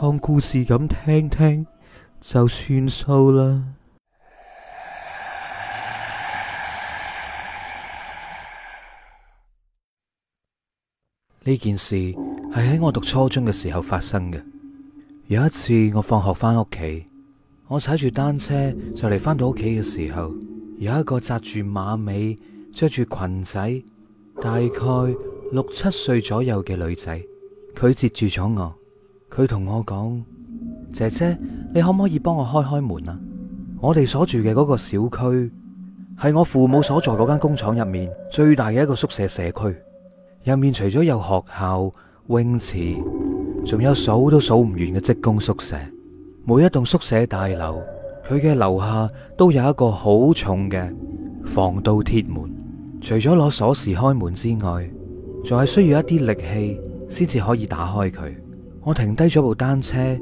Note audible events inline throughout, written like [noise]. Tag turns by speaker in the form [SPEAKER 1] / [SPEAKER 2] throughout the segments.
[SPEAKER 1] 當故事咁聽聽就算數啦。呢 [noise] 件事係喺我讀初中嘅時候發生嘅。有一次我放學翻屋企，我踩住單車就嚟翻到屋企嘅時候，有一個紮住馬尾、着住裙仔、大概六七歲左右嘅女仔，佢截住咗我。佢同我講：姐姐，你可唔可以幫我開開門啊？我哋所住嘅嗰個小區係我父母所在嗰間工廠入面最大嘅一個宿舍社區。入面除咗有學校、泳池，仲有數都數唔完嘅職工宿舍。每一棟宿舍大樓，佢嘅樓下都有一個好重嘅防盜鐵門。除咗攞鎖匙開門之外，仲係需要一啲力氣先至可以打開佢。我停低咗部單車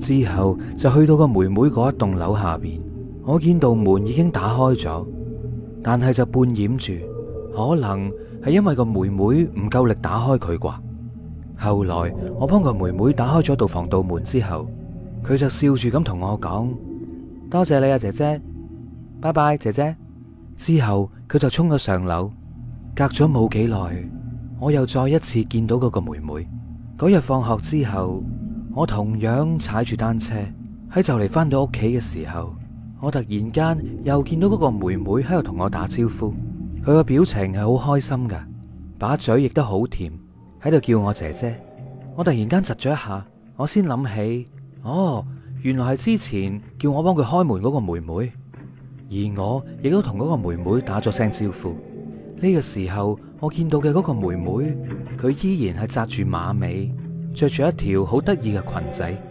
[SPEAKER 1] 之後，就去到個妹妹嗰一棟樓下面。我見到門已經打開咗，但係就半掩住，可能係因為個妹妹唔夠力打開佢啩。後來我幫個妹妹打開咗道防盜門之後，佢就笑住咁同我講：多謝你啊，姐姐，拜拜，姐姐。之後佢就衝咗上樓。隔咗冇幾耐，我又再一次見到嗰個妹妹。嗰日放學之後，我同樣踩住單車喺就嚟返到屋企嘅時候，我突然間又見到嗰個妹妹喺度同我打招呼，佢個表情係好開心㗎，把嘴亦都好甜，喺度叫我姐姐。我突然間窒咗一下，我先諗起，哦，原來係之前叫我幫佢開門嗰個妹妹，而我亦都同嗰個妹妹打咗聲招呼。呢、這個時候。我見到嘅嗰個妹妹，佢依然係紮住馬尾，着住一條好得意嘅裙仔，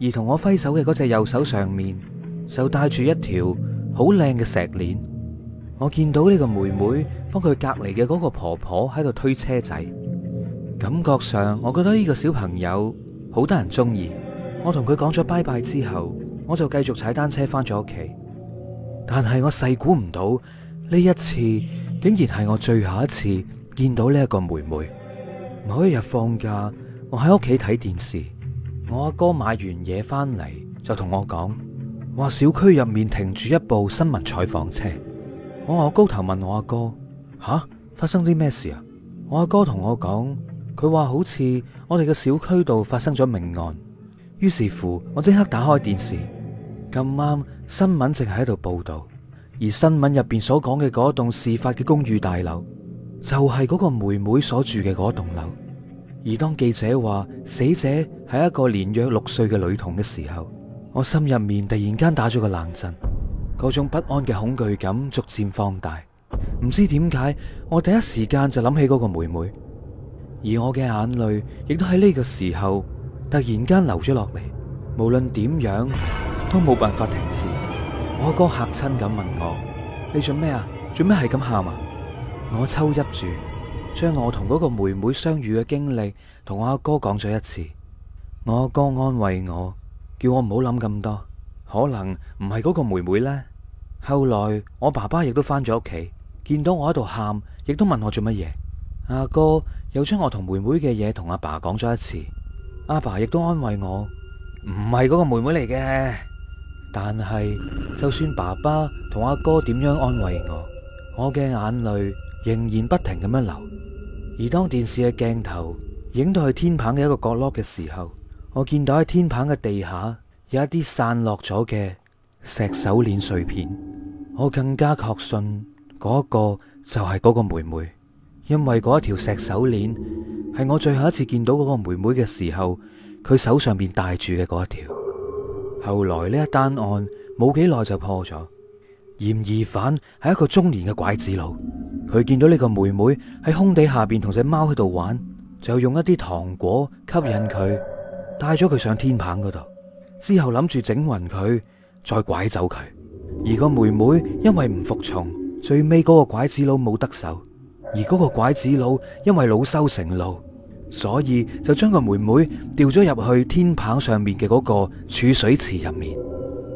[SPEAKER 1] 而同我揮手嘅嗰隻右手上面就戴住一條好靚嘅石鏈。我見到呢個妹妹幫佢隔籬嘅嗰個婆婆喺度推車仔，感覺上我覺得呢個小朋友好得人中意。我同佢講咗拜拜之後，我就繼續踩單車翻咗屋企，但係我細估唔到呢一次。竟然係我最後一次見到呢一個妹妹。某一日放假，我喺屋企睇電視，我阿哥買完嘢翻嚟就同我講，話小區入面停住一部新聞採訪車。我我高頭問我阿哥，吓、啊、發生啲咩事啊？我阿哥同我講，佢話好似我哋嘅小區度發生咗命案。於是乎，我即刻打開電視，咁啱新聞正喺度報道。而新聞入邊所講嘅嗰棟事發嘅公寓大樓，就係嗰個妹妹所住嘅嗰棟樓。而當記者話死者係一個年約六歲嘅女童嘅時候，我心入面突然間打咗個冷震，嗰種不安嘅恐懼感逐漸放大。唔知點解，我第一時間就諗起嗰個妹妹，而我嘅眼淚亦都喺呢個時候突然間流咗落嚟，無論點樣都冇辦法停止。我哥嚇親咁問我：你做咩啊？做咩係咁喊啊？我抽泣住，將我同嗰個妹妹相遇嘅經歷同我阿哥講咗一次。我阿哥安慰我，叫我唔好諗咁多，可能唔係嗰個妹妹呢。後來我爸爸亦都翻咗屋企，見到我喺度喊，亦都問我做乜嘢。阿哥又將我同妹妹嘅嘢同阿爸講咗一次，阿爸亦都安慰我，唔係嗰個妹妹嚟嘅。但係，就算爸爸同阿哥點樣安慰我，我嘅眼淚仍然不停咁樣流。而當電視嘅鏡頭影到去天棚嘅一個角落嘅時候，我見到喺天棚嘅地下有一啲散落咗嘅石手鏈碎片，我更加確信嗰一個就係嗰個妹妹，因為嗰一條石手鏈係我最後一次見到嗰個妹妹嘅時候，佢手上邊戴住嘅嗰一條。後來呢一單案冇幾耐就破咗，嫌疑犯係一個中年嘅拐子佬。佢見到呢個妹妹喺空地下邊同隻貓喺度玩，就用一啲糖果吸引佢，帶咗佢上天棚嗰度，之後諗住整暈佢再拐走佢。而個妹妹因為唔服從，最尾嗰個拐子佬冇得手，而嗰個拐子佬因為老羞成怒。所以就將個妹妹掉咗入去天棚上面嘅嗰個儲水池入面，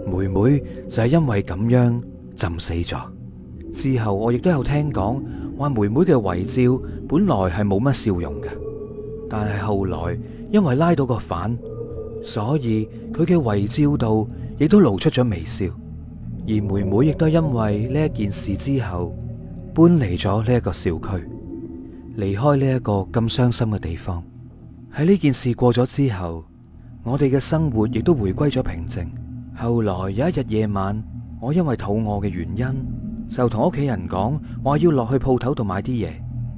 [SPEAKER 1] 妹妹就係因為咁樣浸死咗。之後我亦都有聽講話，妹妹嘅遺照本來係冇乜笑容嘅，但係後來因為拉到個犯，所以佢嘅遺照度亦都露出咗微笑。而妹妹亦都因為呢一件事之後搬離咗呢一個小區。離開呢一個咁傷心嘅地方，喺呢件事過咗之後，我哋嘅生活亦都回歸咗平靜。後來有一日夜晚，我因為肚餓嘅原因，就同屋企人講我話要落去鋪頭度買啲嘢。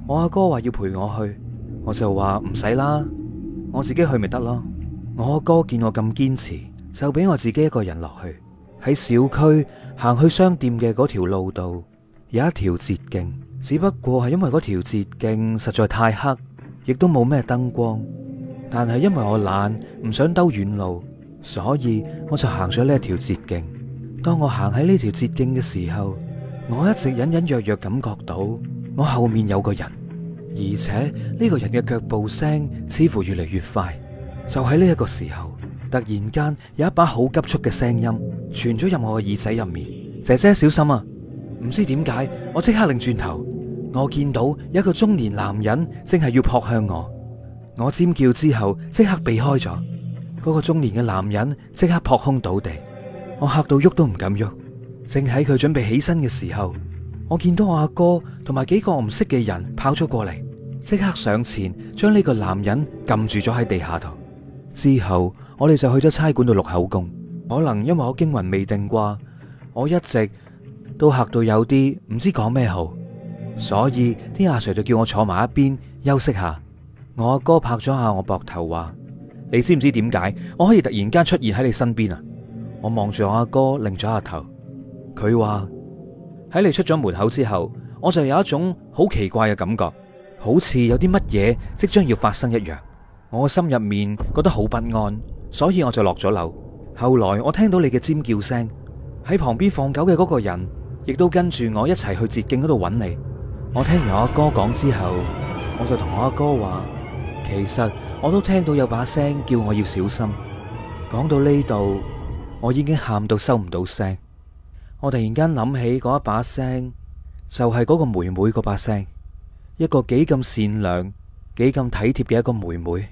[SPEAKER 1] 我阿哥話要陪我去，我就話唔使啦，我自己去咪得咯。我阿哥見我咁堅持，就俾我自己一個人落去。喺小區行去商店嘅嗰條路度，有一條捷徑。只不過係因為嗰條捷徑實在太黑，亦都冇咩燈光。但係因為我懶，唔想兜遠路，所以我就行咗呢一條捷徑。當我行喺呢條捷徑嘅時候，我一直隱隱約約感覺到我後面有個人，而且呢個人嘅腳步聲似乎越嚟越快。就喺呢一個時候，突然間有一把好急促嘅聲音傳咗入我耳仔入面：姐姐小心啊！唔知點解，我即刻擰轉頭，我見到一個中年男人正係要撲向我，我尖叫之後即刻避開咗，嗰個中年嘅男人即刻撲空倒地，我嚇到喐都唔敢喐，正喺佢準備起身嘅時候，我見到我阿哥同埋幾個唔識嘅人跑咗過嚟，即刻上前將呢個男人撳住咗喺地下度，之後我哋就去咗差館度錄口供，可能因為我驚魂未定啩，我一直。都嚇到有啲唔知講咩好，所以啲阿 Sir 就叫我坐埋一邊休息下。我阿哥拍咗下我膊頭話：你知唔知點解我可以突然間出現喺你身邊啊？我望住我阿哥，擰咗下頭。佢話，喺你出咗門口之後，我就有一種好奇怪嘅感覺，好似有啲乜嘢即將要發生一樣。我心入面覺得好不安，所以我就落咗樓。後來我聽到你嘅尖叫聲，喺旁邊放狗嘅嗰個人，亦都跟住我一齊去捷徑嗰度揾你。我聽完我阿哥講之後，我就同我阿哥話：其實我都聽到有把聲叫我要小心。講到呢度，我已經喊到收唔到聲。我突然間諗起嗰一把聲，就係嗰個妹妹嗰把聲，一個幾咁善良、幾咁體貼嘅一個妹妹。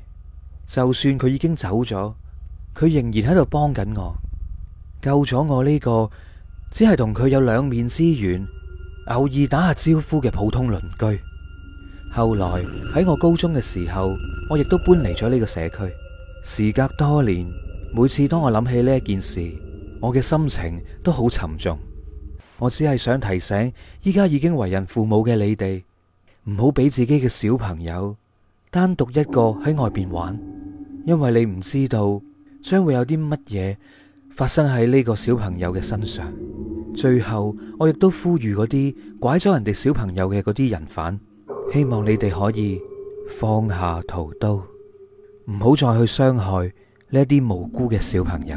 [SPEAKER 1] 就算佢已經走咗，佢仍然喺度幫緊我，救咗我呢個。只係同佢有兩面之緣，偶爾打下招呼嘅普通鄰居。後來喺我高中嘅時候，我亦都搬離咗呢個社區。時隔多年，每次當我諗起呢一件事，我嘅心情都好沉重。我只係想提醒，依家，已經為人父母嘅你哋，唔好俾自己嘅小朋友單獨一個喺外邊玩，因為你唔知道將會有啲乜嘢發生喺呢個小朋友嘅身上。最後，我亦都呼籲嗰啲拐咗人哋小朋友嘅嗰啲人販，希望你哋可以放下屠刀，唔好再去傷害呢啲無辜嘅小朋友。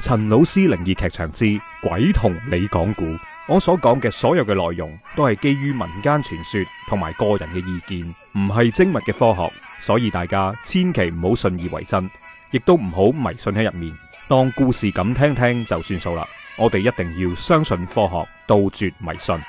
[SPEAKER 1] 陳老師靈異劇場之鬼同你講古」，我所講嘅所有嘅內容都係基於民間傳說同埋個人嘅意見，唔係精密嘅科學，所以大家千祈唔好信以為真，亦都唔好迷信喺入面，當故事咁聽聽就算數啦。我哋一定要相信科學，杜絕迷信。